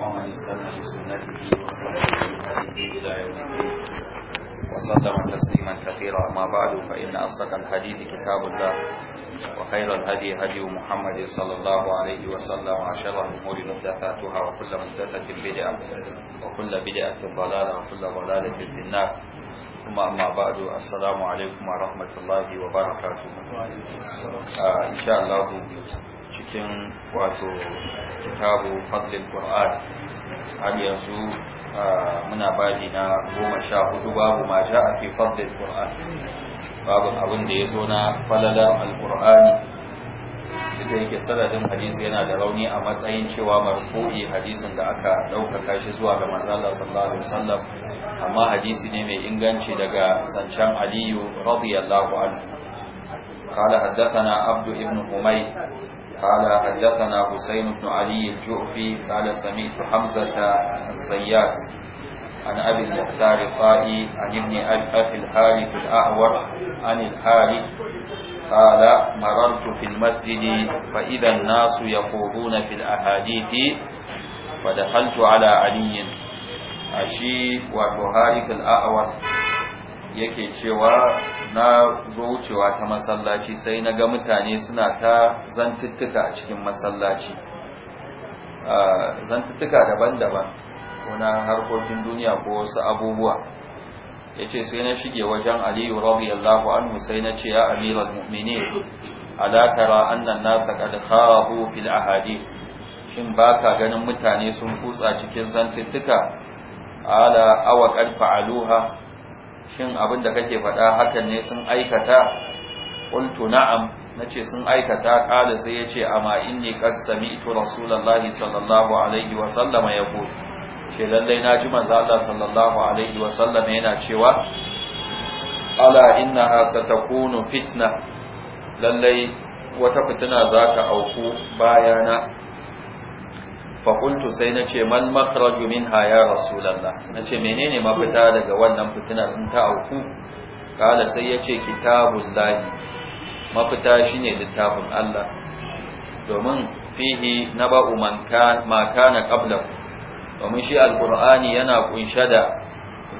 ومن استنى بسنته وسنته إلى يوم الدين وسلم تسليما كثيرا أما بعد فإن أصدق الحديث كتاب الله وخير الهدي هدي محمد صلى الله عليه وسلم وشر الأمور محدثاتها وكل محدثة بدعة وكل بدعة ضلالة وكل ضلالة في النار ثم أما بعد السلام عليكم ورحمة الله وبركاته آه إن شاء الله cikin wato kitabu fadlil qur'an har yanzu muna babi na goma sha hudu babu ma a fi fadlil qur'an babu abin da ya zo na falala alqur'ani duk da yake sanadin hadisi yana da rauni a matsayin cewa marfu'i hadisin da aka ɗaukaka shi zuwa ga manzala sallallahu alaihi wasallam amma hadisi ne mai inganci daga sancan aliyu radiyallahu anhu قال حدثنا عبد ابن حميد قال حدثنا حسين بن علي الجعفي قال سمعت حمزة الزيات عن أبي المختار الطائي عن ابن أبي الحارث الأعور عن الحارث قال مررت في المسجد فإذا الناس يخوضون في الأحاديث فدخلت على علي أشي وتهارك الأعور yake cewa na zo wucewa ta masallaci sai na ga mutane suna ta zantuttuka a cikin masallaci zantuttuka daban-daban na harkokin duniya ko wasu abubuwa ya ce sai na shige wajen aliyu radiyallahu anhu sai na ce ya amiral mu'mini alakara annan nasa kad fil ahadi shin baka ganin mutane sun kutsa cikin zantuttuka ala awa kad aluha shin abin da kake faɗa hakan ne sun aikata qultu na'am nace sun aikata qala sai yace amma inni qad sami'tu rasulullahi sallallahu alaihi wa sallama yaqul ke lallai na ji manzo Allah sallallahu alaihi wa sallama yana cewa ala innaha satakunu fitna lallai wata fitina za ta auku bayana Fahimtu sai na ce man makaraju min haya rasulallah na ce menene mafita daga wannan fitinar in ta auku kala sai ya ce kitabun lahi mafita shi ne littafin Allah domin fihi na ba'u maka na ƙablan domin shi alƙur'ani yana kunshe da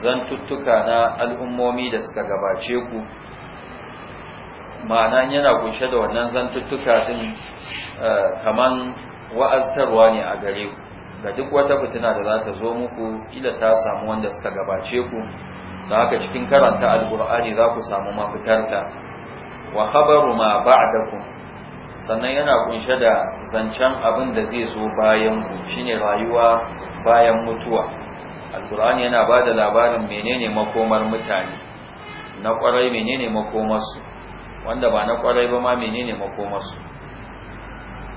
zantuttuka na al'ummomi da suka gabace ku ma'anan yana kunshe da wannan zantuttuka din eh, kaman wa'azarwa ne a gare ku ga duk wata fitina da za ta zo muku kila ta samu wanda suka gabace ku da haka cikin karanta alkur'ani za ku samu mafitarta wa khabaru ma ba'dakum sannan yana kunshe da zancen abin da zai zo bayan ku shine rayuwa bayan mutuwa alkur'ani yana ba da labarin menene makomar mutane na kwarai menene makomarsu wanda ba na kwarai ba ma menene makomarsu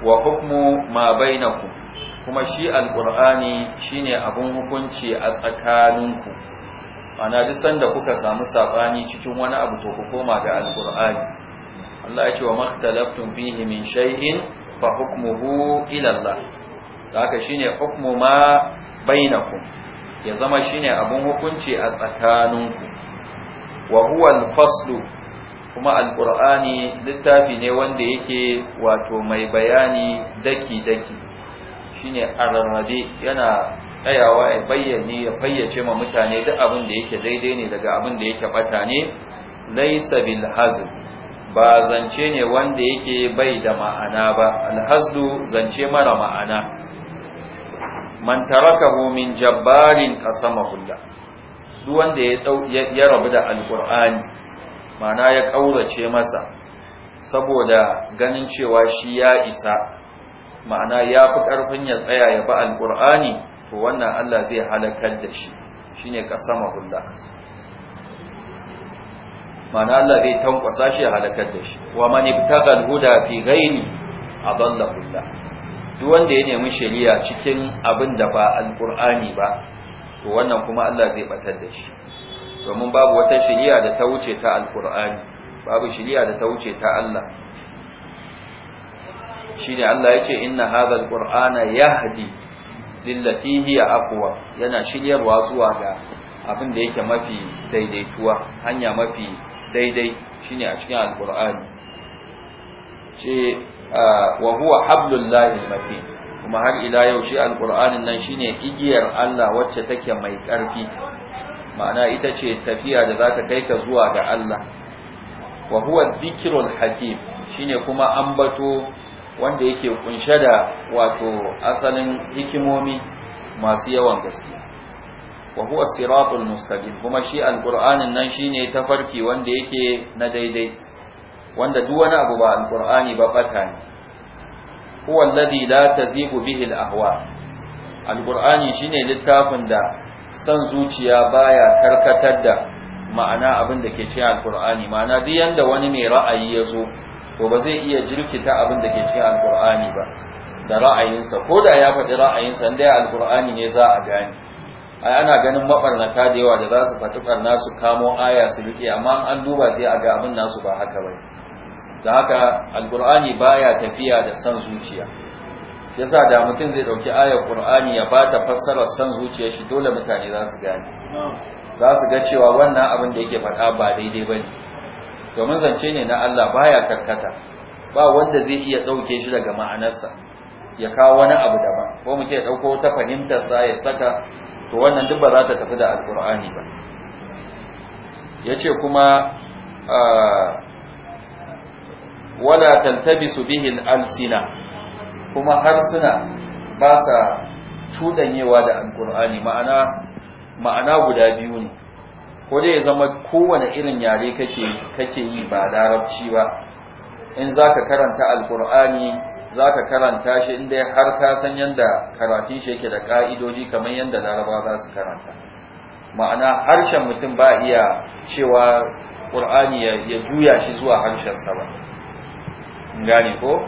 wa hukmu ma bainakum kuma shi alqur'ani shine abun hukunci a tsakaninku ana duk sanda kuka samu sabani cikin wani abu to ku koma ga alqur'ani Allah ya ce wa makhtalaftum fihi min shay'in fa hukmuhu ila Allah haka shine hukmu ma bainakum ya zama shine abun hukunci a tsakaninku wa huwa al-faslu kuma alkur'ani littafi ne wanda yake wato mai bayani daki-daki shine ararrabe yana tsayawa ya bayyane ya fayyace ma mutane duk abin da yake daidai ne daga abin da yake bata ne laisa bil hazl ba zance ne wanda yake bai da ma'ana ba hazlu zance mara ma'ana man tarakahu min jabbarin qasamahu duk wanda ya rabu da alkur'ani mana ya ƙaurace masa saboda ganin cewa shi ya isa ma'ana ya fi ƙarfin ya tsaya ya ba alƙur'ani to wannan Allah zai halakar da shi shi ne ƙasama ma'ana Allah zai tankwasa shi ya halakar da shi wa mani tagal huda fi gaini a balla hulla duk wanda ya nemi shari'a cikin abin da ba alƙur'ani ba to wannan kuma Allah zai batar da shi domin babu wata shiriya da ta wuce ta alkur'ani babu shiriya da ta wuce ta Allah shine Allah yace inna hadha alqur'ana yahdi lillati hiya aqwa yana shiryarwa zuwa ga abin da yake mafi daidaituwa hanya mafi daidai shine a cikin alkur'ani ce wa huwa hablullahi mafi kuma har ila yau shi alqur'anin nan shine igiyar Allah wacce take mai karfi ma'ana ita ce tafiya da zaka kai ka zuwa ga Allah wa huwa dhikrul hakim shine kuma ambato wanda yake kunshe da wato asalin hikimomi masu yawan gaske wa huwa siratul mustaqim kuma shi alqur'anin nan shine tafarki wanda yake na daidai wanda duk wani abu ba alqur'ani ba bata ne huwa alladhi la tazigu bihi alahwa alqur'ani shine littafin da san zuciya baya karkatar da ma'ana abin da ke cikin alkur'ani ma'ana duk yanda wani mai ra'ayi ya zo to ba zai iya jirkita abin da ke cikin alkur'ani ba da ra'ayinsa ko da ya faɗi ra'ayinsa inda ya alkur'ani ne za a gane ai ana ganin maɓarnata da yawa da za su faɗi ɓarna su kamo aya su riƙe amma an duba sai a ga abin nasu ba haka ba da haka alkur'ani baya tafiya da san zuciya Ya sa da mutum zai dauki ayar qur'ani ya bata fassara san zuciyar shi dole mutane za su gane za su ga cewa wannan abin da yake faɗa ba daidai ba To domin zance ne na Allah baya karkata ba wanda zai iya dauke shi daga ma'anarsa ya kawo wani abu daban ko muke dauko ta fahimtar sa ya saka to wannan duk ba za ta tafi da alqur'ani ba yace kuma ah, wala tantabisu bihi al-alsina kuma harsuna ba sa cudanyewa da alkur'ani ma'ana ma'ana guda biyu ne ko dai ya zama kowane irin yare kake kake yi ba larabci ba in zaka karanta alkur'ani zaka karanta shi inda har ka san yanda karatun shi yake da ka'idoji kamar yanda laraba za su karanta ma'ana harshen mutum ba iya cewa qur'ani ya juya shi zuwa harshen sa ba gane ko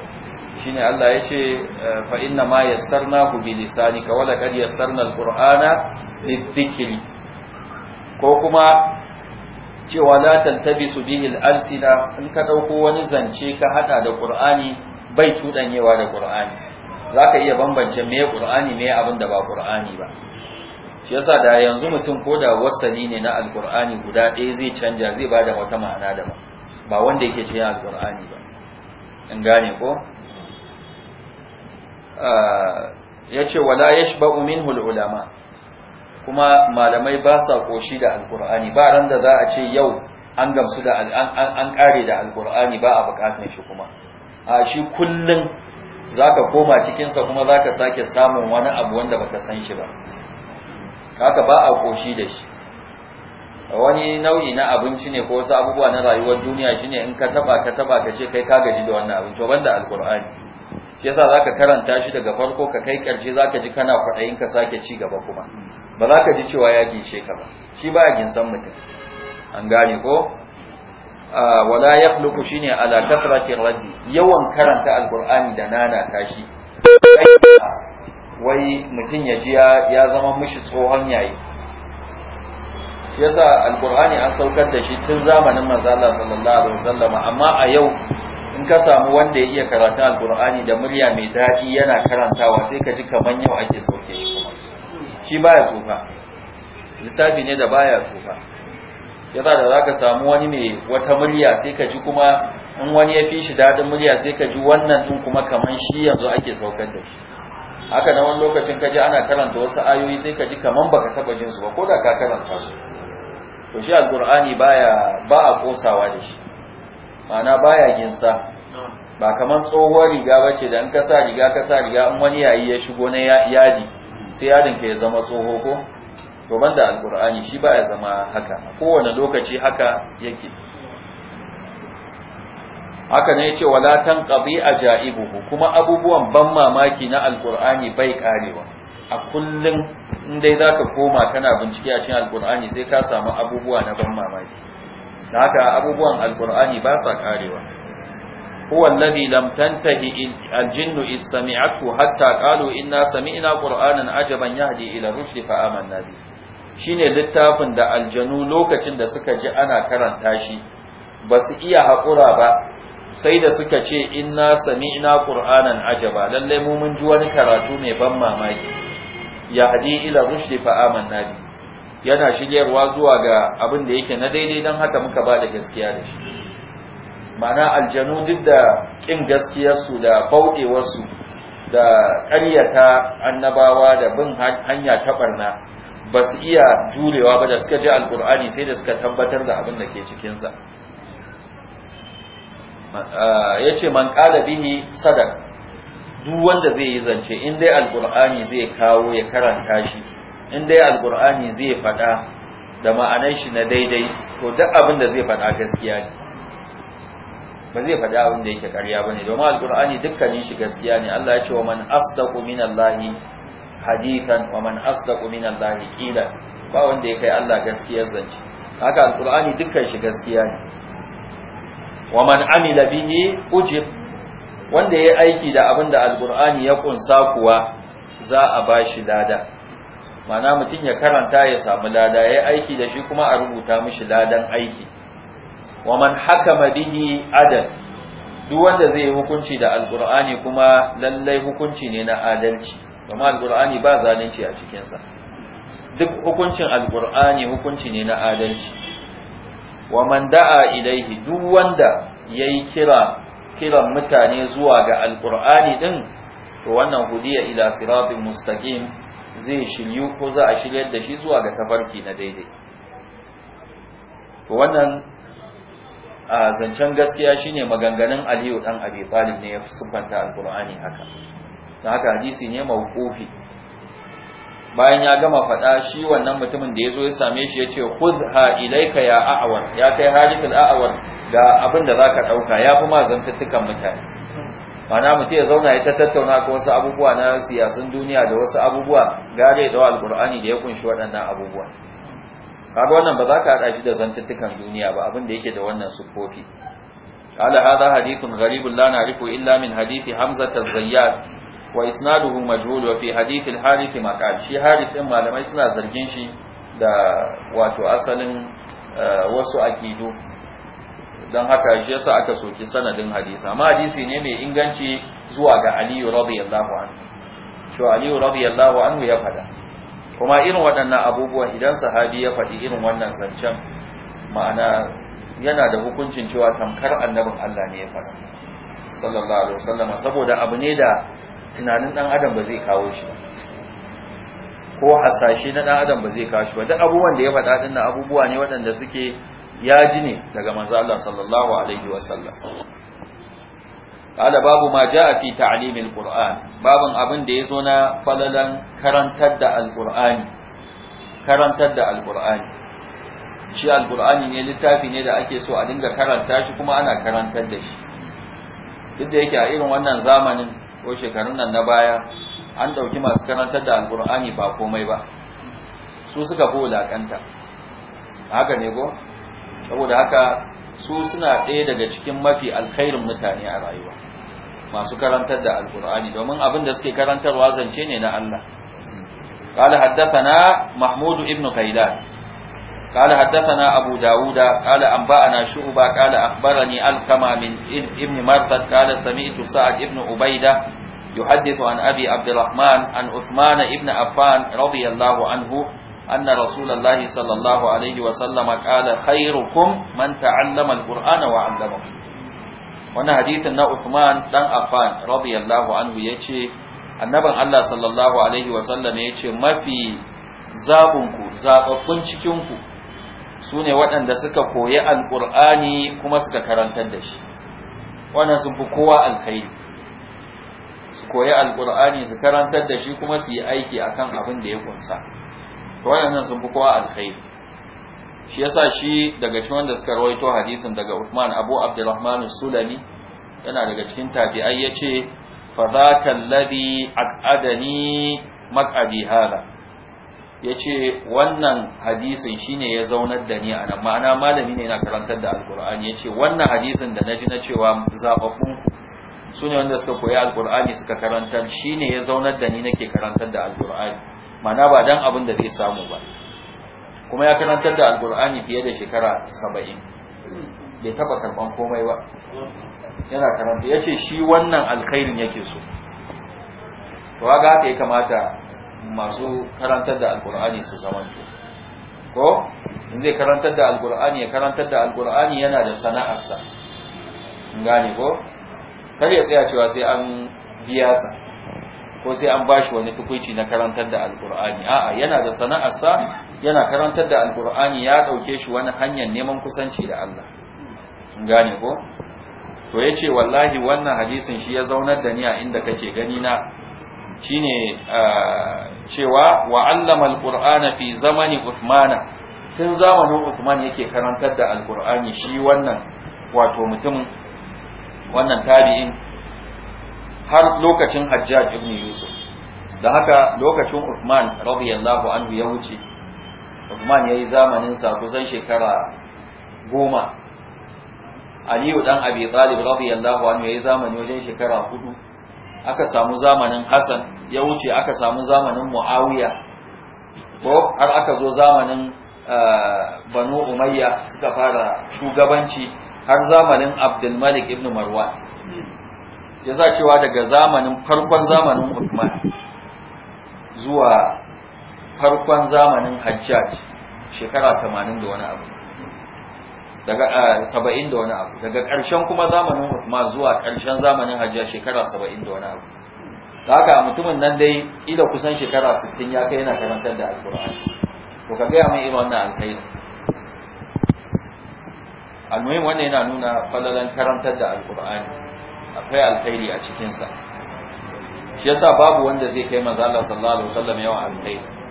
shine Allah ya ce eh, fa inna ma yassarnahu bi lisanika wala kad yassarna alqur'ana lidhikri ko kuma cewa la tantabisu bihi alsina in ka dauko wani zance ka hada da qur'ani bai tudanyewa da qur'ani zaka iya bambance me qur'ani me abin da ba qur'ani ba shi yasa da yanzu mutum ko da wasali ne na alqur'ani guda ɗaya zai canja zai bada wata ma'ana da ba wanda yake cewa alqur'ani ba in gane ko ya ce wala ya yashba'u ba'umin ulama kuma malamai ba sa koshi da alkur'ani ba ran da za a ce yau an gamsu da an kare da alkur'ani ba a bukatun shi kuma a shi kullum za ka koma cikinsa kuma za ka sake samun wani abu wanda ba ka san shi ba haka ba a koshi da shi wani nau'i na abinci ne ko wasu abubuwa na rayuwar duniya shine in ka taba ka taba ka ce kai ka gaji da wannan abinci wanda alkur'ani shi yasa zaka karanta shi daga farko ka kai karshe zaka ji kana kwaɗayin ka sake ci gaba kuma ba za ka ji cewa ya ginshe ka ba shi ba yin ginsan mutum an gane ko wala yakhluqu shine ala kasrati raddi yawan karanta alqur'ani da nana tashi wai mutum ya ji ya zama mishi tsohon yayi shi yasa alqur'ani an saukar da shi tun zamanin manzo Allah sallallahu alaihi wasallam amma a yau ka samu wanda ya iya karatun alkur'ani da murya mai daɗi yana karantawa sai ka ji kaman yau ake sauke shi kuma shi baya tsufa littafi ne da baya tsufa yasa da zaka samu wani mai wata murya sai ka ji kuma in wani ya fi shi daɗin murya sai ka ji wannan din kuma kaman shi yanzu ake saukar da shi haka na wani lokacin ka ji ana karanta wasu ayoyi sai ka ji kaman baka taɓa jin su ba ko da ka karanta su to shi alkur'ani baya ba a kosawa da shi ma'ana baya ginsa ba kamar tsohuwar riga ba ce da in kasa sa riga kasa riga in wani yayi ya shigo na yadi sai yadin ka ya zama tsoho ko to banda alkur'ani shi ba ya zama haka kowane lokaci haka yake haka ne yace wala tan qabi ajaibuhu kuma abubuwan ban mamaki na alkur'ani bai karewa a kullun in dai zaka koma kana bincike a cikin alkur'ani sai ka samu abubuwa na ban mamaki haka abubuwan alkur'ani ba sa karewa huwa alladhi lam tantahi aljinnu is sami'atu hatta qalu inna sami'na qur'anan ajaban yahdi ila rushd fa amanna bi shine littafin da aljanu lokacin da suka ji ana karanta shi ba su iya haƙura ba sai da suka ce inna sami'na qur'anan ajaba lalle mu mun ji wani karatu mai ban mamaki hadi ila rushd fa amanna bi yana shiryarwa zuwa ga abin da yake na daidai dan haka muka ba da gaskiya da shi mana aljanu duk da ƙin gaskiyarsu da bauɗewarsu da ƙaryata annabawa da bin hanya ta barna ba su iya jurewa ba da suka ji alƙur'ani sai da suka tabbatar da abin da ke cikinsa ya ce man ƙalabi bihi sadaq duk wanda zai yi zance in dai Alkur'ani zai kawo ya karanta shi in dai alƙur'ani zai faɗa da ma'anar shi na daidai to duk abin da zai faɗa gaskiya ne ba zai faɗi abin da yake ƙarya bane domin alqur'ani dukkanin shi gaskiya ne Allah ya ce wa man asdaqu minallahi hadithan wa man asdaqu minallahi qila ba wanda ya kai Allah gaskiyar zance haka alqur'ani dukkan shi gaskiya ne wa man amila bihi ujib wanda ya aiki da abin da alqur'ani ya kunsa kuwa za a bashi lada mana mutum ya karanta ya samu lada ya aiki da shi kuma a rubuta mishi ladan aiki wa man hakama bihi adal duk wanda zai yi hukunci da alqur'ani kuma lallai hukunci ne na adalci kuma alqur'ani ba zalunci a cikin sa duk hukuncin alqur'ani hukunci ne na adalci wa man da'a ilaihi duk wanda yayi kira kiran mutane zuwa ga alqur'ani din to wannan hudiya ila siratin mustaqim zai shiryu ko za a shiryar da shi zuwa ga tafarki na daidai to wannan a zancen gaskiya shine maganganun aliyu dan abi talib ne ya siffanta alqur'ani haka dan haka hadisi ne mawqufi bayan ya gama faɗa shi wannan mutumin da ya zo ya same shi ya ce ha ilayka ya a'war ya kai halikul a'awar ga abin da zaka dauka ya fi ma zantattukan mutane mana mutum ya zauna ya ta tattauna ko wasu abubuwa na siyasun duniya da wasu abubuwa gare da alqur'ani da ya kunshi waɗannan abubuwa kaga wannan ba za ka haɗa shi da zantuttukan duniya ba abin da yake da wannan sufofi قال هذا حديث غريب لا نعرفه hamza من حديث حمزة الزيات وإسناده مجهول fi حديث الحارث ما Shi شي حارث إما لما يسنى زرجين da wato asalin eh, wasu akidu don haka shi yasa aka soki sanadin hadisi amma hadisi ne mai inganci zuwa ga Aliyu radiyallahu anhu shi Aliyu radiyallahu anhu ya fada kuma irin waɗannan abubuwan idan sahabi ya faɗi irin wannan zancen ma'ana yana da hukuncin cewa tamkar annabin Allah ne ya fasa sallallahu alaihi wasallam saboda abu ne da tunanin dan adam ba zai kawo shi ba ko hasashe na dan adam ba zai kawo shi ba duk abubuwan da ya faɗa din abubuwa ne waɗanda suke ya ji ne daga manzo Allah sallallahu alaihi wasallam قال باب ما جاء في تعليم القرآن babin abin da ya zo na falalan karantar da alkur'ani karantar da alkur'ani shi alkur'ani ne littafi ne da ake so a dinga karanta shi kuma ana karantar da shi duk da yake a irin wannan zamanin ko shekarun nan na baya an ɗauki masu karantar da alkur'ani ba komai ba su suka fi wulaƙanta haka ne ko saboda haka su suna ɗaya daga cikin mafi alkhairin mutane a rayuwa masu karantar da alkur'ani domin abin da suke karantarwa zance ne na Allah قال حدثنا محمود ابن قيلان قال حدثنا أبو داود قال أنبأنا شعبة قال أخبرني القمة من ابن مرثد قال سمعت سعد ابن عبيدة يحدث عن أبي عبد الرحمن عن عثمان ابن عفان رضي الله عنه أن رسول الله صلى الله عليه وسلم قال خيركم من تعلم القرآن وعلمه Wani hadithin na Uthman dan Affan radiyallahu anhu yace annaban Allah sallallahu alaihi wasallam yace mafi zabunku zababbun cikinku, ku sune waɗanda suka koyi alqur'ani kuma suka karantar da shi wannan sun fi kowa alkhairi su koyi alqur'ani su karantar da shi kuma su yi aiki akan abin da ya kunsa to wannan sun fi kowa alkhairi shi yasa shi daga shi wanda suka rawaito hadisin daga Uthman Abu Abdurrahman Sulami yana daga cikin tabi'ai yace fa Ladi alladhi aqadani maq'adi hada yace wannan hadisin shine ya zaunar da ni nan ma'ana malami ne yana karantar da alqur'ani yace wannan hadisin da naji na cewa zababbun sune wanda suka koyi alqur'ani suka karantar shine ya zaunar da ni nake karantar da alqur'ani ma'ana ba dan abin da zai samu ba kuma ya karantar da alkur'ani fiye da shekara saba'in bai taba karban komai ba yana karanta ya ce shi wannan alkhairin yake so to ga haka ya kamata masu karantar da alkur'ani su zamanto ko in zai karantar da alkur'ani ya karantar da alkur'ani yana da sana'arsa In gane ko kar ya tsaya cewa sai an biya sa ko sai an bashi wani tukunci na karantar da alkur'ani a'a yana da sana'arsa yana karantar da alkur'ani ya dauke shi wani hanyar neman kusanci da Allah gane ko to yace wallahi wannan hadisin shi ya zaunar da ni a inda kake gani na shine cewa wa allama alqur'ana fi zamani uthmana tun zamanin uthman yake karantar da alkur'ani shi wannan wato mutum wannan tabi'in har lokacin hajjaj ibn yusuf da haka lokacin uthman radiyallahu anhu ya wuce Uthman yayi zamanin sa kusan shekara goma Aliyu dan Abi Talib radiyallahu anhu yayi zamani wajen shekara hudu aka samu zamanin Hassan ya wuce aka samu zamanin Muawiya ko har aka zo zamanin eh, Banu Umayya suka fara shugabanci har zamanin Abdul Malik ibn Marwan ya za cewa daga zamanin farkon zamanin Uthman zuwa farkon zamanin hajjaj shekara 80 da wani abu daga 70 da wani abu daga ƙarshen kuma zamanin Uthman zuwa ƙarshen zamanin hajjaj shekara 70 da wani abu da haka mutumin nan dai ila kusan shekara 60 ya kai yana karantar da alkur'ani to ka gaya mai irin wannan alkhairi almuhim wannan yana nuna falalan karantar da alkur'ani akwai alkhairi a cikinsa shi yasa babu wanda zai kai manzo Allah sallallahu alaihi wasallam yawan alkhairi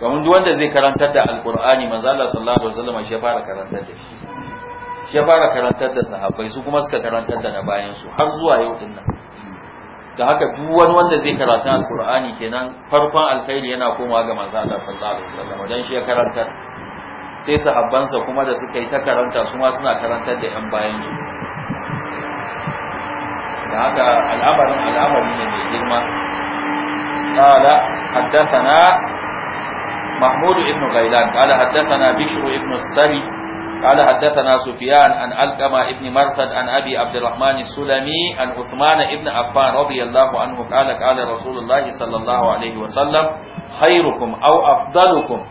domin duk wanda zai karantar da alkur'ani manzo Allah sallallahu alaihi wasallam shi ya fara karantar da shi shi ya fara karantar da sahabbai su kuma suka karantar da na bayan su har zuwa yau din nan da haka duk wani wanda zai karanta alkur'ani kenan farkon alkhairi yana komawa ga manzo Allah sallallahu alaihi wasallam dan shi ya karantar sai sahabbansa kuma da suka yi ta karanta su ma suna karantar da yan bayan su da haka al'amarin al'amari ne mai girma قال حدثنا محمود بن غيلان قال حدثنا بشر بن السري قال حدثنا سفيان عن القمة بن مرثد عن أبي عبد الرحمن السلمي عن عثمان بن عفان رضي الله عنه قال قال رسول الله صلى الله عليه وسلم خيركم أو أفضلكم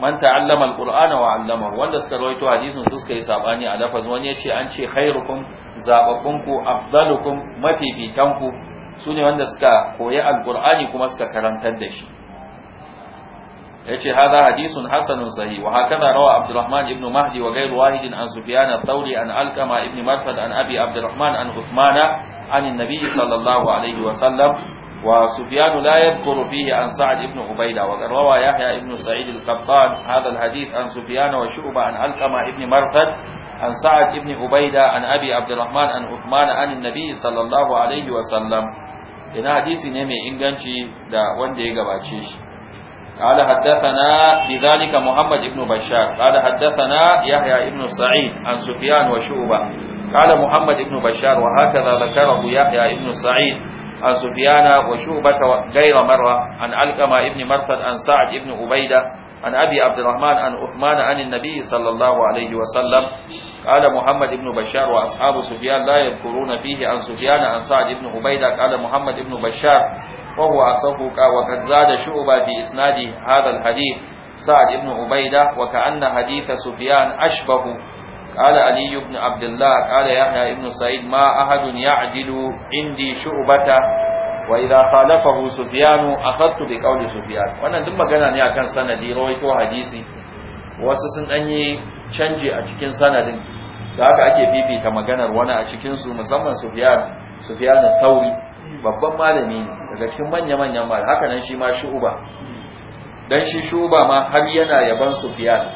man ta'allama alqur'ana wa 'allamahu wanda suka rawaito hadisin su suka yi sabani a lafaz wani yace an ce khairukum zababunku afdalukum mafifitanku sune wanda suka koyi alqur'ani kuma suka karantar da shi yace hadha hadithun hasanun sahih wa hakada rawa abdurrahman ibn mahdi wa ghayr Wahidin an sufyan al-thawri an alqama ibn marfad an abi abdurrahman an uthmana an an-nabi sallallahu alayhi wa sallam wa sufyan la yadhkuru fihi an sa'd ibn Ubaida. wa rawa yahya ibn sa'id al-qattan hadha al-hadith an sufyan wa shu'ba an alqama ibn marfad an sa'd ibn Ubaida an abi abdurrahman an uthmana an an-nabi sallallahu alayhi wa sallam ina hadisi ne mai inganci da wanda ya gabace shi قال حدثنا بذلك محمد بن بشار قال حدثنا يحيى بن سعيد عن سفيان وشعبة قال محمد بن بشار وهكذا ذكره يحيى بن سعيد عن سفيان وشعبة غير مرة عن علقمة بن مرثد عن سعد بن عبيدة عن أبي عبد الرحمن عن عثمان عن النبي صلى الله عليه وسلم قال محمد بن بشار وأصحاب سفيان لا يذكرون فيه عن سفيان عن سعد بن عبيدة قال محمد بن بشار وهو أصف وقد زاد شعبة في إسناد هذا الحديث سعد بن عبيدة وكأن حديث سفيان أشبه قال علي بن عبد الله قال يحيى بن سعيد ما أحد يعدل عندي شعبة وإذا خالفه سفيان أخذت بقول سفيان وأنا دم magana ne akan sanadi rawaito hadisi wasu sun danyi canji a cikin sanadin da haka ake fifita maganar wani a cikin su musamman Sufyan Sufyan al-Thawri babban malami ne daga cikin manya-manyan malami haka nan shi ma shu'uba dan shi shu'uba ma har yana yaban sufiyan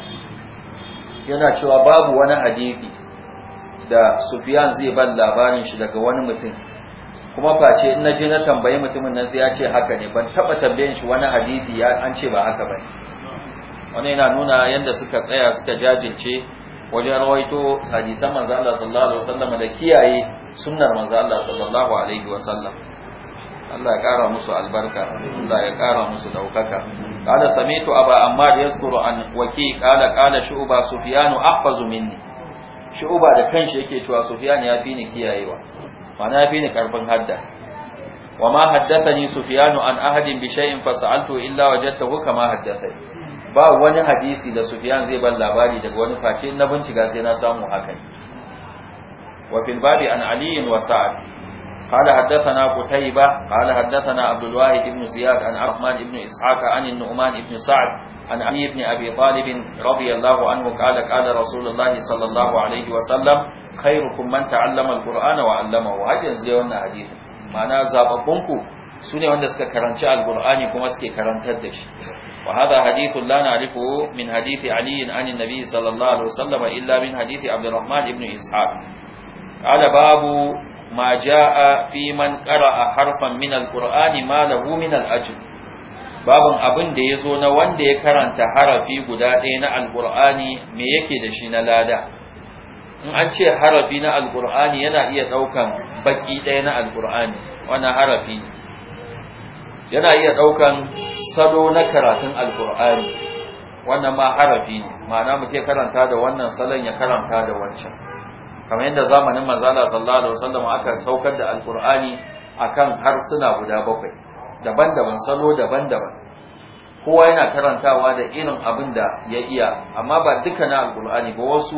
yana cewa babu wani hadisi da sufiyan zai ban labarin shi daga wani mutum kuma face in naje na tambayi mutumin nan sai ya ce haka ne ban taba tambayen shi wani hadisi ya an ce ba haka ba wannan yana nuna yanda suka tsaya suka jajirce wajen rawaito hadisan manzo Allah sallallahu alaihi wasallam da kiyaye sunnar manzo Allah sallallahu alaihi wasallam Allah ya kara musu albarka Allah ya kara musu daukaka qala samitu aba ammar yaskuru an waki qala qala shu'ba sufyanu ahfazu minni shu'ba da kanshi yake cewa sufyan ya fi ni kiyayewa mana ya fi ni karfin hadda wa ma ni sufyanu an ahadin bi shay'in fa sa'altu illa wajadtahu kama haddatha ba wani hadisi da sufyan zai ban labari daga wani face na bincika sai na samu hakan wa fil babi an ali wa sa'ad قال حدثنا قتيبة قال حدثنا عبد الواحد بن زياد عن عثمان بن إسحاق عن النعمان بن سعد عن علي بن أبي طالب رضي الله عنه قال قال رسول الله صلى الله عليه وسلم خيركم من تعلم القرآن وعلمه هذا ينزلون حديث معنى زابقونكو سنة وندس كرنشاء القرآن كما سكي كرنتدش وهذا حديث لا نعرفه من حديث علي عن النبي صلى الله عليه وسلم إلا من حديث عبد الرحمن بن إسحاق قال باب ma a fi man harfan min alqur'ani ma lahu min babin abin da ya zo na wanda ya karanta harafi guda ɗaya na alqur'ani me yake da shi na lada in an ce harafi na alqur'ani yana iya daukan baki ɗaya na alqur'ani yana iya ɗaukan salo na karatun alqur'ani wannan ma harafi ne ma'ana muke karanta da wannan salon ya karanta da wancan kamar yadda zamanin manzala sallallahu alaihi wasallam aka saukar da alqur'ani akan harsuna guda bakwai daban-daban salo daban-daban kowa yana karantawa da irin abin da ya iya amma ba duka na alqur'ani ba wasu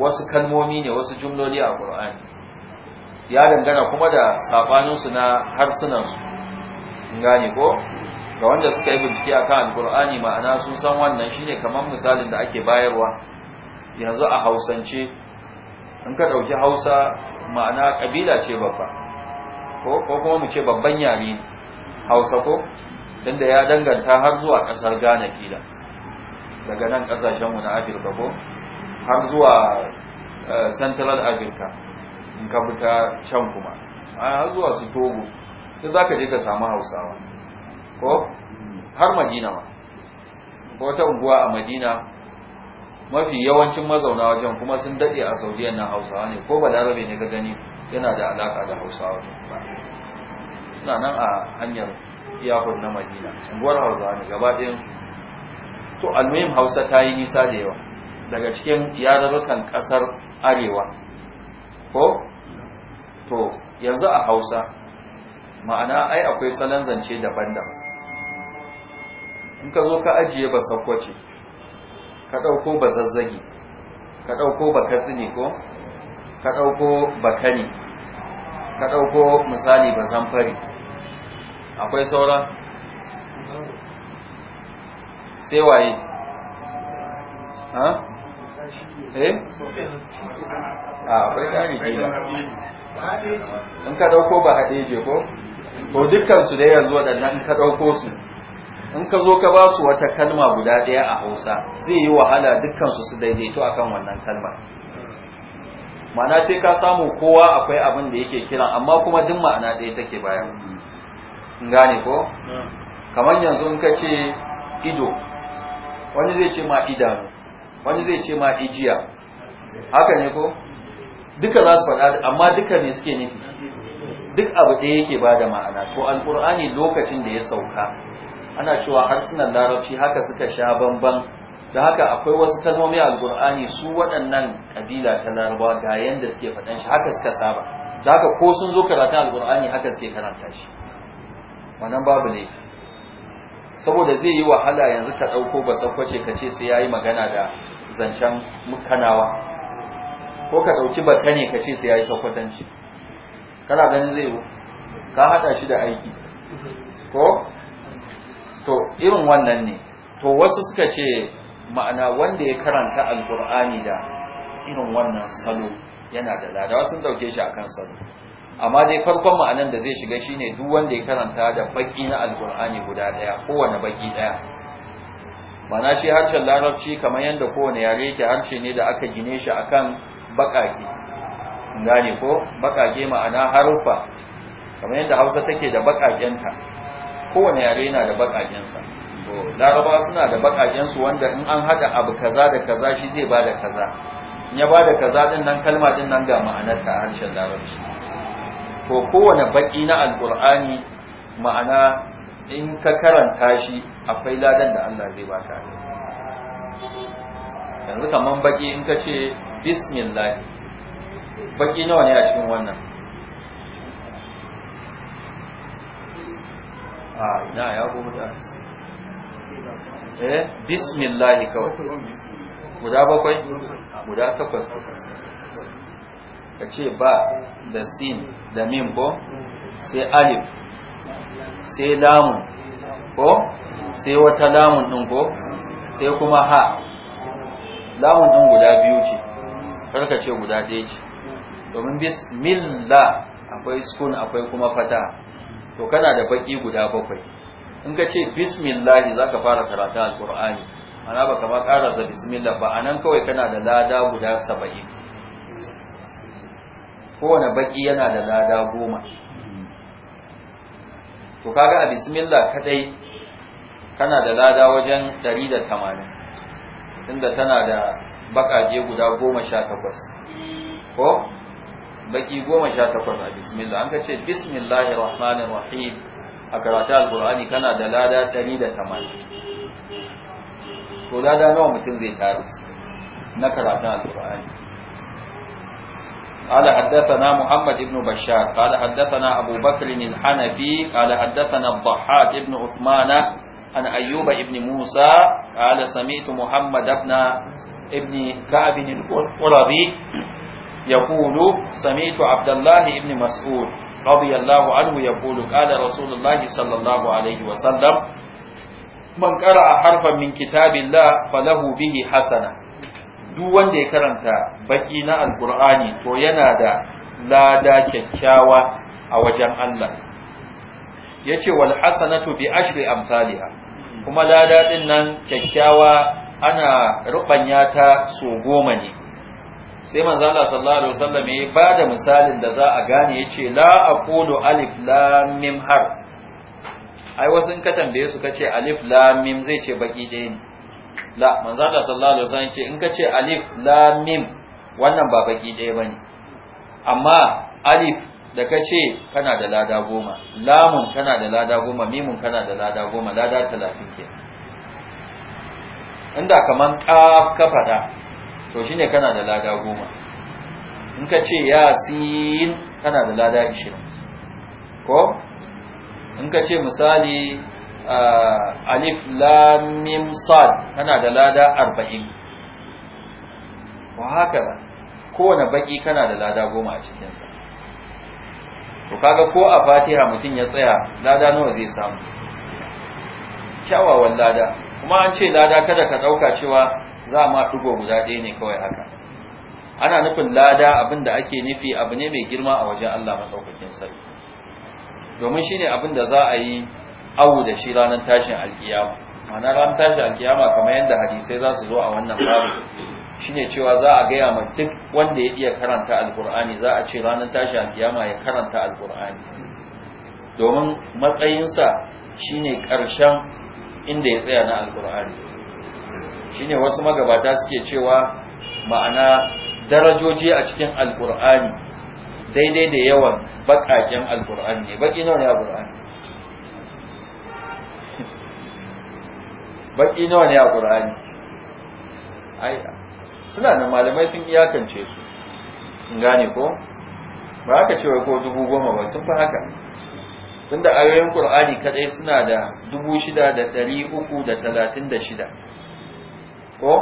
wasu kalmomi ne wasu jumloli a alqur'ani ya dangana kuma da su na harsunansu gane ko ga wanda suka yi bincike akan alqur'ani ma'ana sun san wannan shine kamar misalin da ake bayarwa yanzu a hausance in ka ɗauki hausa ma'ana ƙabila ce babba ko kuma mu ce babban yare hausa ko Tunda ya danganta har zuwa ƙasar ghana kila daga nan ƙasashenmu na afirka ko har zuwa eh, central africa in ka fita can kuma har zuwa su togo duk za ka je ka samu hausawa ko har madina ma ko wata unguwa a madina mafi yawancin mazauna wajen kuma sun daɗe a saudiya na hausawa ne ko balarabe ne ga gani yana da alaƙa da hausawa ne suna nan a hanyar iyakun na madina cunguwar hausawa ne gaba su to almuhim hausa ta yi nisa da yawa daga cikin yarurrukan ƙasar arewa ko to yanzu a hausa ma'ana ai akwai salon zance daban-daban in ka zo ka ajiye ba sakwace ka ɗauko ba zazzagi ka ɗauko ba katsini ko ka ɗauko ba kani ka ɗauko misali ba zamfari akwai saura sai waye ha? eh? a ah, akwai ƙari gida in ka ɗauko ba haɗe ko? ko dukkan su da yanzu waɗannan in ka ɗauko su in ka zo ka ba su wata kalma guda ɗaya a hausa zai yi wahala dukkansu su daidaito akan wannan kalmar ma'ana sai ka samu kowa akwai abin da yake kiran amma kuma duk ma'ana ɗaya take bayan in gane ko kamar yanzu in ka ce ido wani zai ce ma idanu wani zai ce ma ijiya haka ne ko duka za su faɗa amma duka ne suke nufi duk abu ɗaya yake ba da ma'ana to alƙur'ani lokacin da ya sauka ana cewa harsunan larabci haka suka sha bamban da haka akwai wasu kalmomi a alkur'ani su waɗannan ƙabila ta larabawa ga yanda suke faɗan shi haka suka saba da haka ko sun zo karatun alkur'ani haka suke karanta shi wannan babu ne saboda zai yi wahala yanzu ka ɗauko ba sakwace ka ce sai ya yi magana da zancen mukanawa ko ka ɗauki baka ne ka ce sai ya yi sakwatanci kana ganin zai yi ka haɗa shi da aiki ko to irin wannan ne to wasu suka ce ma'ana wanda ya karanta alkur'ani da irin wannan salo yana da lada wasu dauke shi akan salo amma dai farkon ma'anan da zai shiga shine duk wanda ya karanta da baki na alkur'ani guda daya kowane baki daya mana shi harshen larabci kamar yadda kowane yare yake harshe ne da aka gine shi akan bakaki gane ko bakage ma'ana harufa kamar yadda hausa take da baƙaƙenta. kowane yare yana da bakakensa to laraba suna da bakakensu wanda in an hada abu kaza da kaza shi zai bada kaza in ya bada kaza din nan kalma din nan ga ma'anarta a harshen larabci to kowane baki na alqur'ani ma'ana in ka karanta shi akwai ladan da Allah zai baka yanzu kaman baki in ka ce bismillah baki nawa ne a cikin wannan na ya eh bismillah kawai guda bakwai guda takwas ka ce ba da sin da min ko sai alif sai lamun ko sai wata lamun din ko sai kuma ha lamun din guda biyu ce karka ce guda daya ce domin bismillah akwai sukun akwai kuma fata to kana da baki guda bakwai in ka ce bismillah za ka fara karatu alkur'ani ana baka kama karasa bismillah ba a nan kawai kana da lada guda saba'in kowane baki yana da lada goma to kaga a bismillah kadai kana da lada wajen 180 tunda tana da bakaje guda goma sha 18 ko baki goma sha takwas a bismillah an ka ce bismillahir rahmanir rahim a karatu alqur'ani kana da lada 180 to lada nawa mutum zai taru na karatu alqur'ani قال حدثنا محمد بن بشار قال حدثنا أبو بكر الحنفي قال حدثنا الضحاك بن عثمان عن أيوب بن موسى قال سمعت محمد بن ابن كعب القرظي يقول Samitu عبد الله بن مسعود رضي الله عنه يقول قال رسول الله صلى الله عليه وسلم من قرأ حرفا من كتاب الله فله به حسنة duk wanda ya karanta baki na alkur'ani to yana da lada kyakkyawa a wajen Allah ya ce wal hasanatu bi ashri amsaliha kuma lada din nan kyakkyawa ana rubanya ta so goma ne sai manzo Allah sallallahu alaihi wasallam ya bada misalin da za a gane yace la aqulu alif lam mim har ai wasu in ka tambaye su kace alif lam mim zai ce baki ɗaya ne la manzo Allah sallallahu alaihi wasallam ce in kace alif lam mim wannan ba baki ɗaya bane amma alif da kace kana da lada goma lamun kana da lada goma mimun kana da lada goma lada talatin ke inda kaman ƙaf ka faɗa to shi ne kana da lada goma in ka ce yasin kana da lada ishirin ko in ka ce misali alif lamim sad kana da lada arba'in Ko haka kowane baki kana da lada goma a cikinsa to kaga ko a fatiha mutum ya tsaya lada nawa zai samu kyawawan lada kuma an ce lada kada ka ɗauka cewa za ma ɗigo guda ɗaya ne kawai haka ana nufin lada abin da ake nufi abu ne mai girma a wajen Allah maɗaukakin sarki domin shine abin da za a yi awu da shi ranar tashin alkiyama ma'ana ranar tashin alkiyama kamar yadda hadisai za su zo a wannan babu shine cewa za a gaya ma duk wanda ya iya karanta alkur'ani za a ce ranar tashin alkiyama ya karanta alkur'ani domin matsayinsa shine ƙarshen inda ya tsaya na alkur'ani shine wasu magabata suke cewa ma'ana darajoji a cikin alkur'ani daidai da yawan bakaken alkur'ani ne baki nawa ne alkur'ani baki nawa ne alkur'ani ai suna da malamai sun iyakance su in gane ko ba haka cewa ko dubu goma ba sun fi haka tunda ayoyin qur'ani kadai suna da dubu shida da da da dari uku talatin shida. ko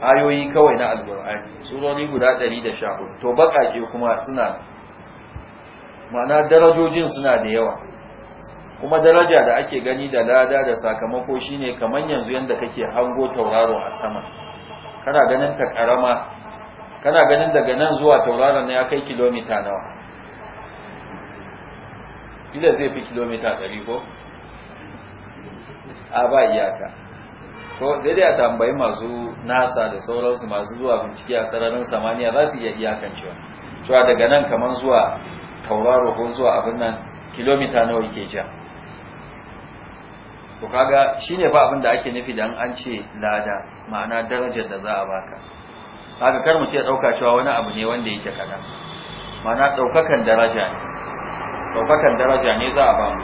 ayoyi kawai na alkur'ani surori guda 114 to ke kuma suna ma'ana darajojin suna da yawa kuma daraja da ake gani da lada da sakamako shine kamar yanzu yanda kake hango tauraro a sama kana ganin ta karama kana ganin daga nan zuwa tauraron ya kai kilomita nawa ila zai fi kilomita 100 ko a ba iyaka ko sai dai a tambayi masu nasa da sauransu masu zuwa bincike a sararin samaniya za su iya iyakancewa cewa daga nan kamar zuwa tauraro ko zuwa abin nan kilomita nawa yake ja to kaga shine fa abin da ake nufi dan an ce lada ma'ana darajar da za a baka kaga kar mu ce dauka cewa wani abu ne wanda yake kada ma'ana daukakan daraja ne daukakan daraja ne za a ba mu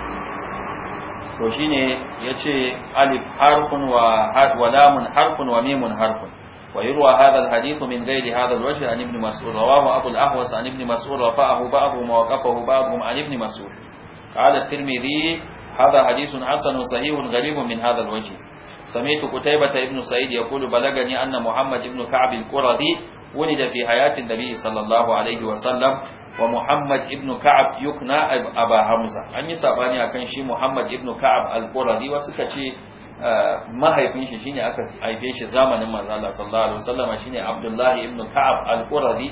to shine yace alif harfun wa lamun harfun wa mimun harfun wa yurwa hadha min ghairi hadha alwajh an ibn mas'ud rawahu abu al-ahwas an ibn mas'ud rafa'ahu ba'dhum wa waqafahu ba'dhum an ibn mas'ud qala tirmidhi hadha hadithun hasanun sahihun gharibun min سمعت قتيبة ابن سعيد يقول بلغني أن محمد ابن كعب القرظي ولد في حياة النبي صلى الله عليه وسلم ومحمد ابن كعب يكنى أبا حمزة أن يسابني أكن شي محمد ابن كعب القرظي وسكتي ما هيفين شي شيني أكس هيفين شي زمن ما زال صلى الله عليه وسلم شيني عبد الله ابن كعب القرظي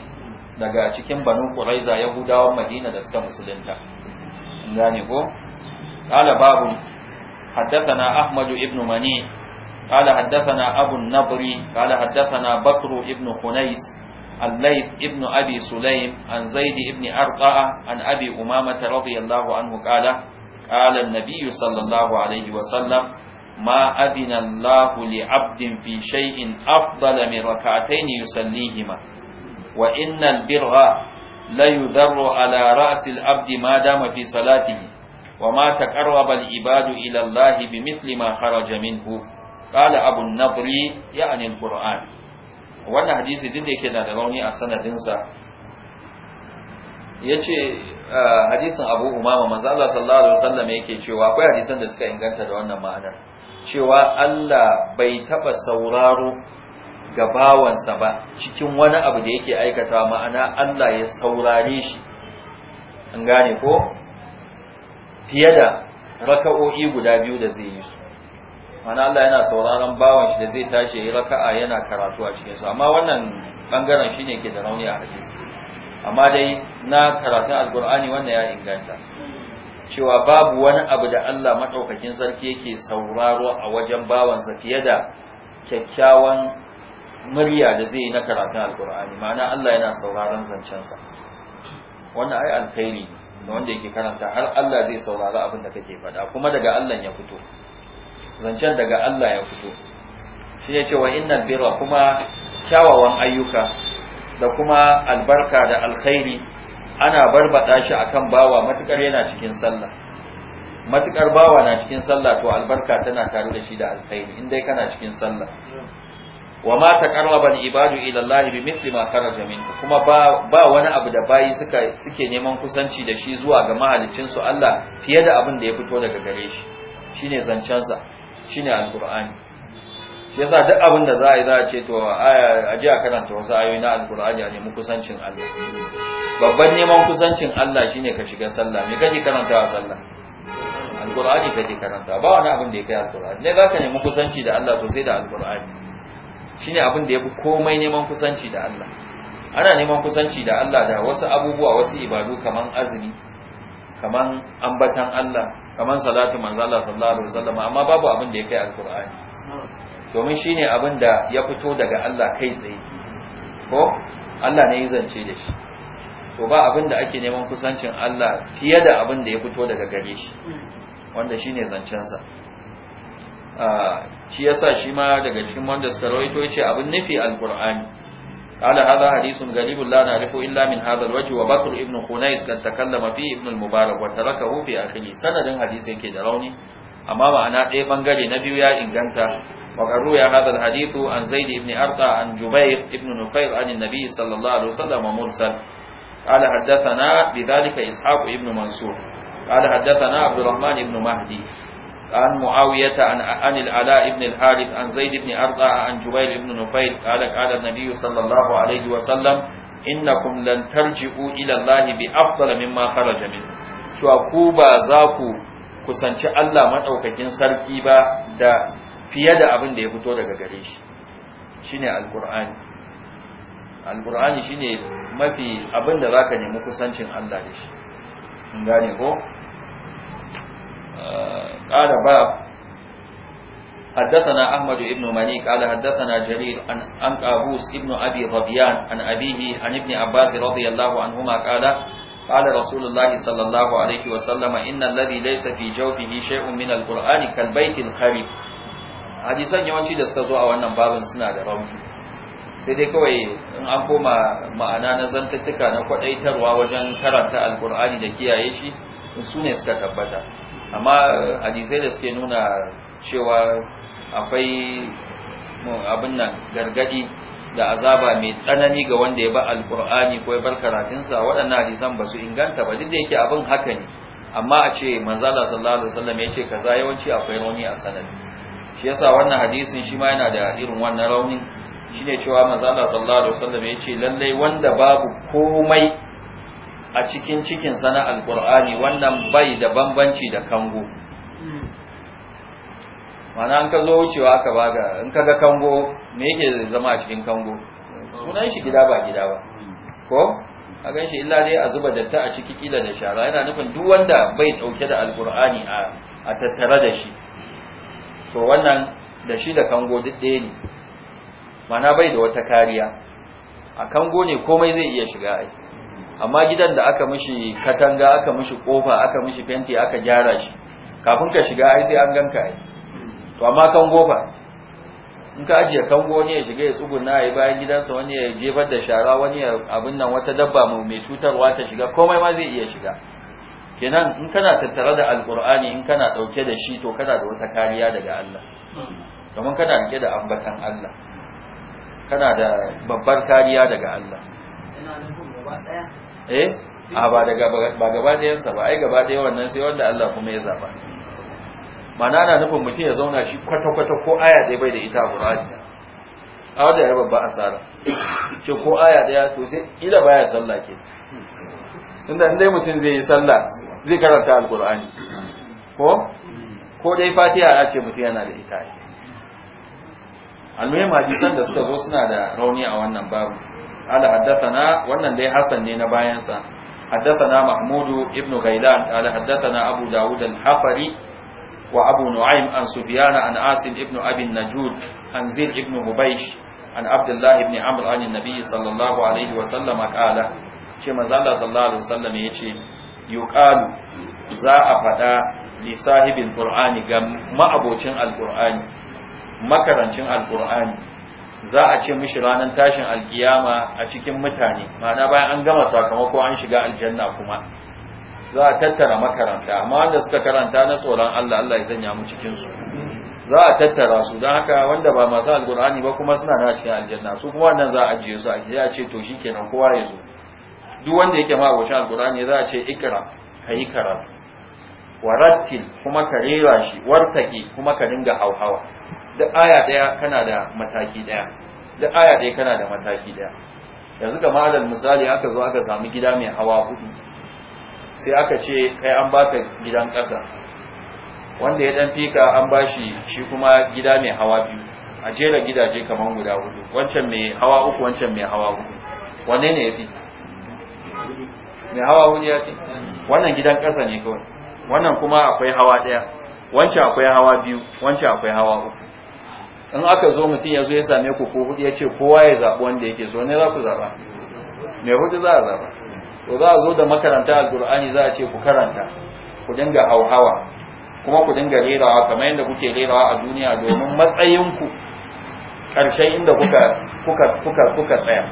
daga cikin banu Quraiza Yahudawan Madina da suka musulunta gane ko qala babu haddathana Ahmad ibn Mani قال حدثنا أبو النضر قال حدثنا بكر ابن خنيس الليث ابن أبي سليم عن زيد ابن أرقاء عن أبي أمامة رضي الله عنه قال قال النبي صلى الله عليه وسلم ما أذن الله لعبد في شيء أفضل من ركعتين يسليهما وإن البر لا يذر على رأس العبد ما دام في صلاته وما تقرب العباد إلى الله بمثل ما خرج منه qala abu nadri ya'ni alquran wannan hadisi duk da yake da rauni a sanadinsa yace hadisin abu umama manzo Allah sallallahu alaihi wasallam yake cewa akwai hadisan da suka inganta da wannan ma'anar cewa Allah bai taba sauraro gabawansa ba cikin wani abu da yake aikata ma'ana Allah ya saurare shi an gane ko fiye da raka'o'i guda biyu da zai yi su mana Allah yana sauraron bawan shi da zai tashi yi raka'a yana karatu a cikin su amma wannan bangaren shine ke da rauni a hadisi amma dai na karatun alqur'ani wannan ya inganta cewa babu wani abu da Allah madaukakin sarki yake sauraro a wajen bawansa fiye da kyakkyawan murya da zai yi na karatun alqur'ani ma'ana Allah yana sauraron zancensa wannan ai alkhairi ne wanda yake karanta har Allah zai saurari abin da kake faɗa kuma daga Allah ya fito zancen daga Allah ya fito shi ne cewa innal birra kuma kyawawan ayyuka da kuma albarka da alkhairi ana barbada shi akan bawa matukar yana cikin sallah matukar bawa na cikin sallah to albarka tana tare da shi da alkhairi in dai kana cikin sallah wa ma taqarraba al-ibadu ila Allah bi mithli ma kharaja minhu kuma ba ba wani abu da bayi suka suke neman kusanci da shi zuwa ga mahalicin su Allah fiye da abin da ya fito daga gare shi shine zancen sa shine alqur'ani shi yasa duk abin da za a yi za a ce to a ji a karanta wasu ayoyi na alqur'ani a nemi kusancin Allah babban neman kusancin Allah shine ka shiga sallah me kake karanta a sallah alqur'ani kake karanta ba wani abin da ya kai alqur'ani ne zaka nemi kusanci da Allah to sai da alqur'ani shine abin da yafi komai neman kusanci da Allah ana neman kusanci da Allah da wasu abubuwa wasu ibadu kaman azumi kaman ambatan Allah kaman salatu manzo Allah sallallahu alaihi wasallam amma babu abin da ya kai alqur'ani domin shine abin da ya fito daga Allah kai tsaye ko Allah ne ya zance da shi to ba abin da ake neman kusancin Allah fiye da abin da ya fito daga gare shi wanda shine zancensa ah, shi yasa shi ma daga cikin wanda suka rawaito yace abin nufi alqur'ani قال هذا حديث غريب لا نعرفه إلا من هذا الوجه وبكر ابن خنيس قد تكلم فيه ابن المبارك وتركه في آخره سند حديث كده روني أما معنى إيه بنغلي نبي يا إنغانتا وقد روي هذا الحديث عن زيد بن أرطى عن جبير ابن نقير عن النبي صلى الله عليه وسلم مرسل قال حدثنا بذلك إسحاق ابن منصور قال حدثنا عبد الرحمن بن مهدي عن معاوية عن, عن العلاء بن الحارث عن زيد بن أرضاء عن جبير بن نفيل قال قال النبي صلى الله عليه وسلم إنكم لن ترجعوا إلى الله بأفضل مما خرج منه شو أكوبا زاكو kusanci Allah maɗaukakin sarki ba da fiye da abin da ya fito daga gare shi shine alqur'ani alqur'ani shine mafi abin da zaka nemi kusancin Allah da shi ko قال باب حدثنا أحمد بن مني قال حدثنا جرير عن عن قابوس بن أبي غبيان عن أبيه عن ابن عباس رضي الله عنهما قال قال رسول الله صلى الله عليه وسلم إن الذي ليس في جوفه شيء من القرآن كالبيت الخريب hadisan yawanci da suka zo a wannan babin suna da rauni sai dai kawai in an koma ma'ana na zantattuka na kwadaitarwa wajen karanta alkur'ani da kiyaye shi su ne suka tabbata amma hadisai da suke nuna cewa akwai abin nan gargadi da azaba mai tsanani ga wanda ya ba alkur'ani ko ya bar karatunsa waɗannan hadisan ba su inganta ba duk da yake abin haka ne amma a ce manzala sallallahu alaihi wasallam ya ce kaza yawanci akwai rauni a sanadi shi yasa wannan hadisin shi ma yana da irin wannan rauni shine cewa manzala sallallahu alaihi wasallam ya ce lallai wanda babu komai a cikin cikin sana alkur'ani wannan bai da bambanci da kango mana an ka zo wucewa ka baga in ka ga kango me yake zama a cikin kango sunan shi gida ba gida ba ko a gan shi illa dai a zuba datta a ciki kila da shara yana nufin duk wanda bai dauke da alkur'ani a tattare da shi to wannan da shi da kango duk ɗaya ne mana bai da wata kariya a kango ne komai zai iya shiga aiki. amma gidan da aka mishi katanga aka mishi kofa aka mishi fenti aka gyara shi kafin ka shiga ai sai an ganka ai to amma kan gofa in ka ajiye kango wani ya shiga ya tsuguna ai bayan gidansa wani ya jefar da shara wani ya abin nan wata dabba mai cutarwa ta shiga komai ma zai iya shiga kenan in kana tattare da alkur'ani in kana dauke da shi to kana da wata kariya daga Allah domin kana rike da ambatan Allah kana da babbar kariya daga Allah eh a ba daga ba gaba ɗayansa ba ai gaba ɗaya wannan sai wanda Allah kuma ya zaba mana ana nufin mutum ya zauna shi kwata-kwata ko aya ɗaya bai da ita a Qur'ani a wanda ya babba asara ce ko aya ɗaya to sai ila baya sallah ke tunda dai mutum zai yi sallah zai karanta qurani ko ko dai fatiha a ce mutum yana da ita almuhim hadisan da suka zo suna da rauni a wannan babu ala haddathana wannan dai Hassan ne na bayansa haddathana Mahmud ibnu Gailan ala haddathana Abu Dawud al-Hafari wa Abu Nu'aym an Sufyan an Asim ibn Abi Najud an Zil ibn Hubaysh an Abdullah ibn Amr an Nabi sallallahu alaihi wa sallam qala ce manzo Allah sallallahu alaihi wa sallam yace Yuƙalu za a faɗa li sahibin qur'ani ga ma'abocin makarancin alqur'ani za a ce mishi ranar tashin alkiyama a cikin mutane ma'ana bayan an gama sakamako an shiga aljanna kuma za a tattara makaranta amma wanda suka karanta na tsoron Allah Allah ya sanya mu cikin su za a tattara su don haka wanda ba masu alkur'ani ba kuma suna na cikin aljanna su kuma wannan za a ajiye su a gida ce to shikenan kowa ya zo duk wanda yake ma abocin alkur'ani za a ce ikra kayi karatu warattil kuma ka rera shi wartaki kuma ka dinga hauhawa duk aya daya kana da mataki daya duk aya daya kana da mataki daya yanzu ga malam misali aka zo aka samu gida mai hawa hudu sai aka ce kai an baka gidan ƙasa wanda ya dan fika an bashi shi kuma gida mai hawa biyu a jera gidaje kamar guda hudu wancan mai hawa uku wancan mai hawa hudu wanne ne yafi mai hawa hudu yafi wannan gidan ƙasa ne kawai wannan kuma akwai hawa ɗaya wancan akwai hawa biyu wancan akwai hawa uku in aka zo mutum ya zo ya same ku ko hudu ya ce kowa ya zaɓi wanda yake so ne za ku zaɓa mai hudu za a zaɓa to za a zo da makaranta alkur'ani za a ce ku karanta ku dinga hauhawa kuma ku dinga rerawa kamar yadda kuke rerawa a duniya domin matsayinku ƙarshen inda kuka tsaya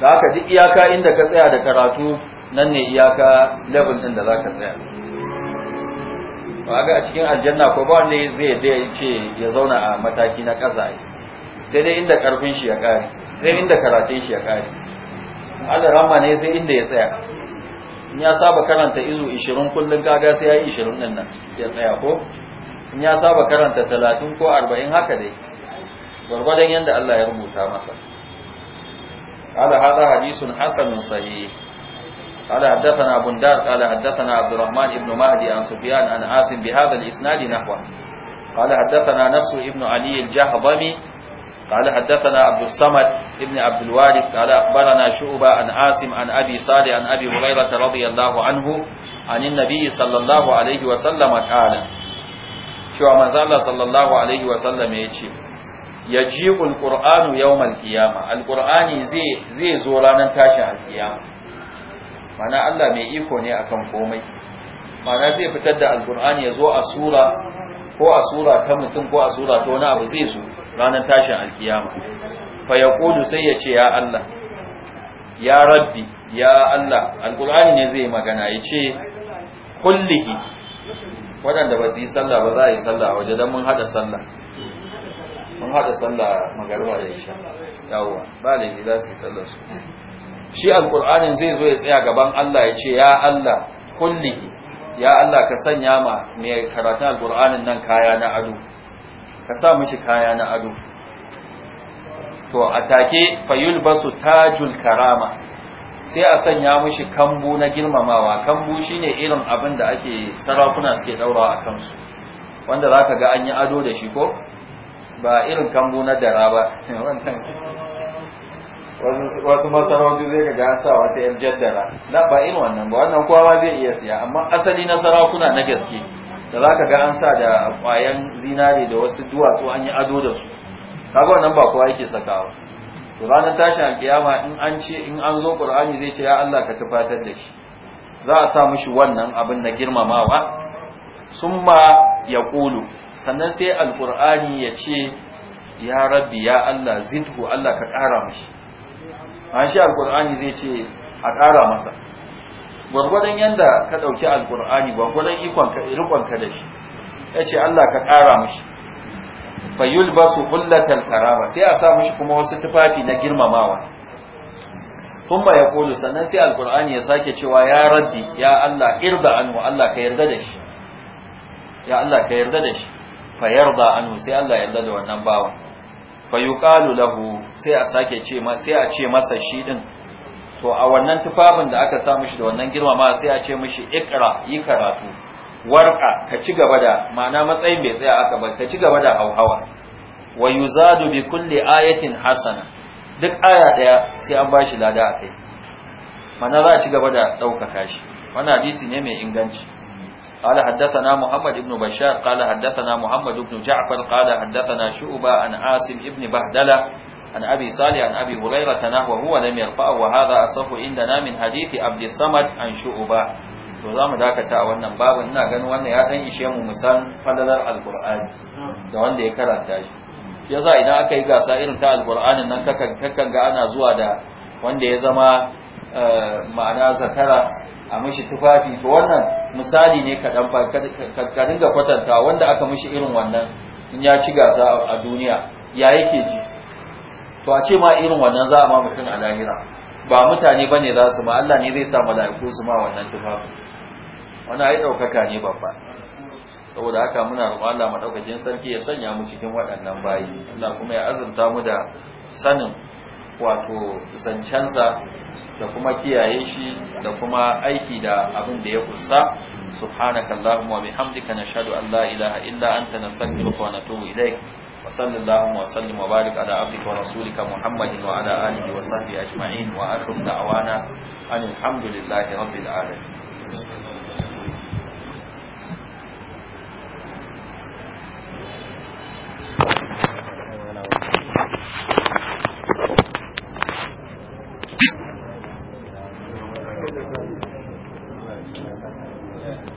da haka duk iyaka inda ka tsaya da karatu nan ne iyaka level ɗin da za ka tsaya ga a cikin aljanna ko ba wanda zai da ya ce ya zauna a mataki na ƙasa sai dai inda karfin shi ya kare sai inda karatun shi ya kare Allah rahma ne sai inda ya tsaya in ya saba karanta izu 20 kullun kaga sai yayi 20 din nan ya tsaya ko in ya saba karanta 30 ko 40 haka dai gwargwadon yadda Allah ya rubuta masa Allah hada hadisun hasanun sahih قال حدثنا بندار قال حدثنا عبد الرحمن بن مهدي عن سفيان عن عاصم بهذا الإسناد نحوه قال حدثنا نصر بن علي الجهضمي قال حدثنا عبد الصمد بن عبد الوارث قال أخبرنا شعبة عن عاصم عن أبي صالح عن أبي هريرة رضي الله عنه عن النبي صلى الله عليه وسلم قال شو ما صلى الله عليه وسلم يجي يجيء القرآن يوم القيامة القرآن زي زي زورانا تاشا القيامة mana Allah mai iko ne akan komai mana zai fitar da alkur'ani ya zo a sura ko a sura ta mutum ko a sura ta wani abu zai zo ranar tashin alkiyama fa Kudu sai ya ce ya Allah ya rabbi ya Allah alkur'ani ne zai magana ya ce kullihi waɗanda ba su yi sallah ba za a yi sallah waje don mun haɗa sallah mun haɗa sallah magarba da isha yawwa ba da za su yi sallah su shi Alƙur'anin zai zo ya tsaya gaban Allah ya ce ya Allah kulli ya Allah ka sanya ma mai karatun Alƙur'anin nan kaya na ado ka sa mishi kaya na ado to atake basu tajul karama sai a sanya mishi kambu na girmamawa kambu shine irin abin da ake sarakuna suke ɗaurawa a kansu wanda zaka ga an yi ado da shi ko ba irin kambu na dara ba wasu masarautu zai ga sa wata yar jaddara na ba irin wannan ba wannan kowa zai iya siya amma asali na sarakuna na gaske da za ka ga an sa da kwayan zinare da wasu duwatsu an yi ado da su kaga wannan ba kowa yake sakawa to ranar tashin alkiyama in an ce in an zo ƙur'ani zai ce ya Allah ka tufatar da shi za a sa mushi wannan abin na girmamawa summa ƙulu. sannan sai alqur'ani ya ce ya rabbi ya Allah zidhu Allah ka kara mishi an shi alkur'ani zai ce a ƙara masa gwargwadon yadda ka ɗauki alkur'ani gwargwadon ka da shi ya ce allah ka ƙara mashi fayul ba su kullatar karama sai a sa mashi kuma wasu tufafi na girmamawa tun ya kolu sannan sai alkur'ani ya sake cewa ya rabbi ya allah irda wa allah ka yarda da shi ya allah ka yarda da shi fa yarda anhu sai allah yarda da wannan bawan fa yuqalu lahu sai a sake ce ma sai a ce masa shi din to a wannan tufafin da aka sa mishi da wannan girmama sai a ce mishi iqra yi karatu warqa ka ci gaba da ma'ana matsayin bai tsaya aka ba ka ci gaba da hauhawa wa yuzadu bi kulli ayatin hasana duk aya daya sai an bashi lada akai mana za a ci gaba da ɗaukaka shi wannan hadisi ne mai inganci قال حدثنا محمد بن بشار قال حدثنا محمد بن جعفر قال حدثنا شعبة عن عاصم بن بهدلة عن أبي صالح عن أبي هريرة نحوه ولم يرفعه وهذا أصح عندنا من حديث عبد الصمد عن شعبة to za mu dakata a wannan babin ina ganin wannan ya dan ishe mu musan falalar alqur'ani da wanda ya karanta shi yasa idan aka yi gasa irin ta alqur'anin nan kakan ga ana zuwa da wanda ya zama eh, ma'ana zakara a mishi tufafi to wannan misali ne dan ka dinga kwatanta wanda aka mishi irin wannan in ya ci gasa a duniya ya yake ji to a ce ma irin wannan za a ma mutum a lahira ba mutane ba ne za su ma Allah ne zai sa mala'iku su ma wannan tufafi wani ai ɗaukaka ne babba saboda haka muna roƙon Allah madaukakin sarki ya sanya mu cikin waɗannan bayi Allah kuma ya azurta mu da sanin wato zancensa da kuma kiyaye shi da kuma aiki da abin da ya kusa subhanaka allahumma wa bihamdika nashhadu an la ilaha illa anta nastaghfiruka wa natubu ilaik wa sallallahu wa sallim wa barik ala abdika wa rasulika muhammadin wa ala alihi wa sahbihi ajma'in wa akhir da'wana alhamdulillahi rabbil alamin